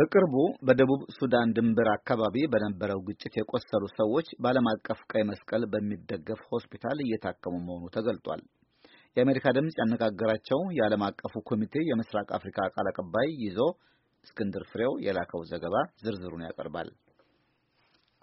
በቅርቡ በደቡብ ሱዳን ድንበር አካባቢ በነበረው ግጭት የቆሰሉ ሰዎች በዓለም አቀፍ ቀይ መስቀል በሚደገፍ ሆስፒታል እየታከሙ መሆኑ ተገልጧል። የአሜሪካ ድምፅ ያነጋገራቸው የዓለም አቀፉ ኮሚቴ የምስራቅ አፍሪካ ቃል አቀባይ ይዞ እስክንድር ፍሬው የላከው ዘገባ ዝርዝሩን ያቀርባል።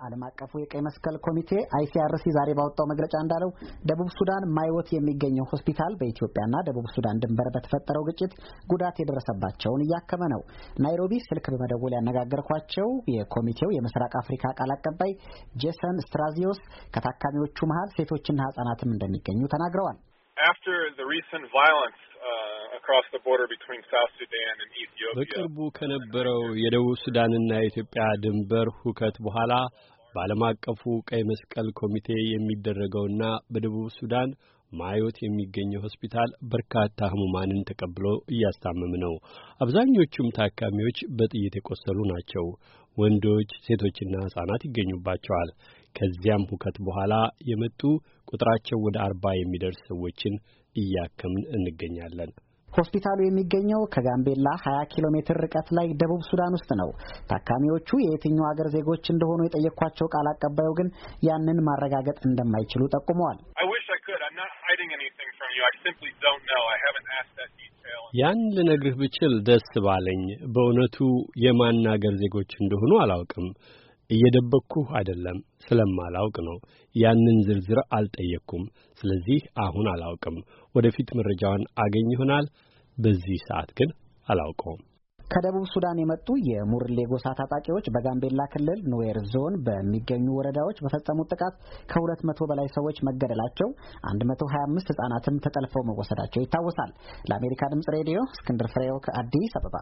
ዓለም አቀፉ የቀይ መስቀል ኮሚቴ አይሲአርሲ ዛሬ ባወጣው መግለጫ እንዳለው ደቡብ ሱዳን ማይወት የሚገኘው ሆስፒታል በኢትዮጵያና ደቡብ ሱዳን ድንበር በተፈጠረው ግጭት ጉዳት የደረሰባቸውን እያከመ ነው። ናይሮቢ ስልክ በመደወል ያነጋገርኳቸው የኮሚቴው የምስራቅ አፍሪካ ቃል አቀባይ ጄሰን ስትራዚዮስ ከታካሚዎቹ መሀል ሴቶችና ህጻናትም እንደሚገኙ ተናግረዋል። After the recent violence uh, በቅርቡ ከነበረው የደቡብ ሱዳንና የኢትዮጵያ ድንበር ሁከት በኋላ በዓለም አቀፉ ቀይ መስቀል ኮሚቴ የሚደረገውና በደቡብ ሱዳን ማዮት የሚገኘው ሆስፒታል በርካታ ህሙማንን ተቀብሎ እያስታመም ነው። አብዛኞቹም ታካሚዎች በጥይት የቆሰሉ ናቸው። ወንዶች፣ ሴቶችና ሕፃናት ይገኙባቸዋል። ከዚያም ሁከት በኋላ የመጡ ቁጥራቸው ወደ አርባ የሚደርስ ሰዎችን እያከምን እንገኛለን። ሆስፒታሉ የሚገኘው ከጋምቤላ 20 ኪሎ ሜትር ርቀት ላይ ደቡብ ሱዳን ውስጥ ነው። ታካሚዎቹ የየትኛው ሀገር ዜጎች እንደሆኑ የጠየኳቸው ቃል አቀባዩ ግን ያንን ማረጋገጥ እንደማይችሉ ጠቁመዋል። ያን ልነግርህ ብችል ደስ ባለኝ። በእውነቱ የማን አገር ዜጎች እንደሆኑ አላውቅም። እየደበቅኩህ አይደለም፣ ስለማላውቅ ነው። ያንን ዝርዝር አልጠየቅኩም። ስለዚህ አሁን አላውቅም። ወደፊት መረጃውን አገኝ ይሆናል። በዚህ ሰዓት ግን አላውቀውም። ከደቡብ ሱዳን የመጡ የሙርሌ ጎሳ ታጣቂዎች በጋምቤላ ክልል ኑዌር ዞን በሚገኙ ወረዳዎች በፈጸሙት ጥቃት ከሁለት መቶ በላይ ሰዎች መገደላቸው፣ 125 ሕጻናትም ተጠልፈው መወሰዳቸው ይታወሳል። ለአሜሪካ ድምጽ ሬዲዮ እስክንድር ፍሬው ከአዲስ አበባ